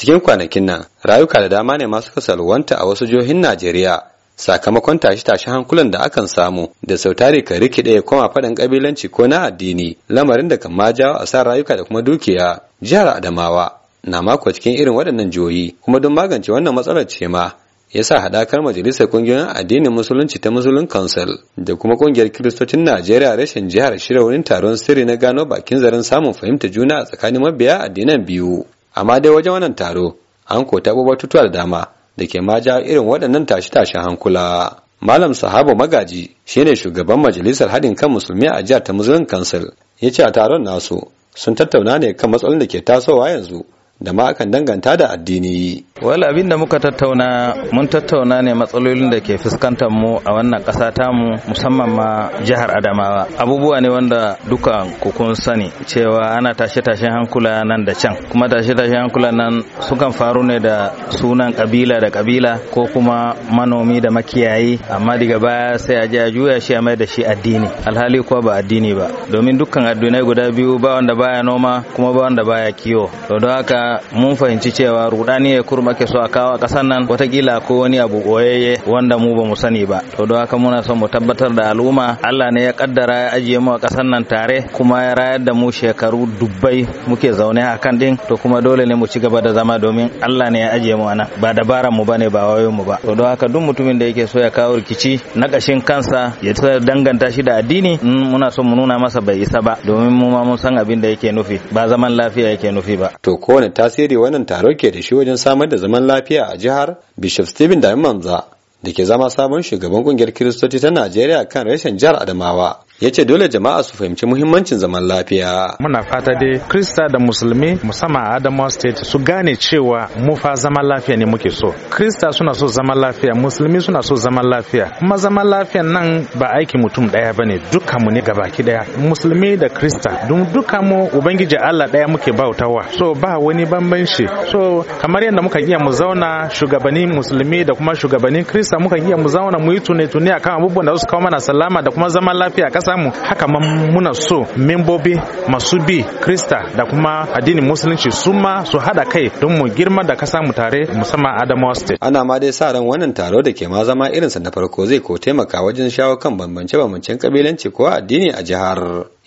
cikin kwanakin nan rayuka da dama ne masu kasalwanta a wasu jihohin najeriya sakamakon tashe tashi hankulan da akan samu da sautari ka rikide ya koma faɗin ƙabilanci ko na addini lamarin da kan ma jawo a sa rayuka da kuma dukiya jihar adamawa na mako cikin irin waɗannan jihohi kuma don magance wannan matsalar ce ma ya sa haɗakar majalisar ƙungiyoyin addinin musulunci ta musulun council da kuma ƙungiyar kiristocin najeriya rashin jihar shirya wurin taron sirri na gano bakin zarin samun fahimtar juna a tsakanin mabiya addinan biyu amma dai wajen wannan taro an ko taɓo batutuwa da dama da ke ma ja irin waɗannan tashe-tashen hankula malam sahaba magaji shine shugaban majalisar haɗin kan musulmi a jihar ta muslim council ya ce a taron nasu sun tattauna ne kan matsalolin da ke tasowa yanzu da ma akan danganta da addini. Wala abin da muka tattauna mun tattauna ne matsalolin da ke fuskantar mu a wannan ƙasa mu musamman ma jihar Adamawa. Abubuwa ne wanda duka kun sani cewa ana tashe-tashen hankula nan da can. Kuma tashe-tashen hankula nan sukan faru ne da sunan kabila da kabila ko kuma manomi da makiyayi amma daga baya sai a ja juya shi a mai da shi addini. Alhali kuwa ba addini ba. Domin dukkan addinai guda biyu ba wanda baya noma kuma ba wanda baya kiwo. To don haka mun fahimci cewa rudani ya kurma ke so a kawo kasan nan watakila ko wani abu boyayye wanda mu ba mu sani ba to don haka muna son mu tabbatar da al'umma Allah ne ya kaddara ya ajiye mu a kasan nan tare kuma ya rayar da mu shekaru dubbai muke zaune a kan din to kuma dole ne mu ci gaba da zama domin Allah ne ya ajiye mu anan ba dabaran mu bane ba wayoyin mu ba to don haka duk mutumin da yake so ya kawo rikici na kashin kansa ya danganta shi da addini muna son mu nuna masa bai isa ba domin mu ma mun san abin da yake nufi ba zaman lafiya yake nufi ba to kowane tasiri wannan taro ke da shi wajen samar da zaman lafiya a jihar bishop stephen Damimanza da ke zama sabon shugaban kungiyar kiristoci ta najeriya kan rashin jihar adamawa ya ce dole jama'a su fahimci muhimmancin zaman lafiya. Muna fata dai Krista da Musulmi musamman a Adamawa State su gane cewa mu fa zaman lafiya ne muke so. Krista suna so zaman lafiya, Musulmi suna so zaman lafiya. Kuma zaman lafiyan nan ba aiki mutum daya bane, duka mu ne gabaki daya. Musulmi da Krista, dun duka mu Ubangiji Allah daya muke bautawa. So ba wani bambanci. So kamar yadda muka iya mu zauna shugabannin Musulmi da kuma shugabannin Krista muka iya mu zauna mu yi tune-tune akan abubuwan da su kawo mana salama da kuma zaman lafiya a samu haka ma muna so membobi masu bi krista da kuma addinin musulunci su ma su hada kai don mu girma da kasa mu tare musamman adamawa state ana ma dai sa ran wannan taro da ke ma zama irinsa na farko zai ko taimaka wajen shawo kan bambance-bambancen kabilanci ko addini a jihar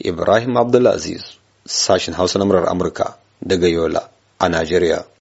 ibrahim abdulaziz sashen hausa na murar amurka daga yola a najeriya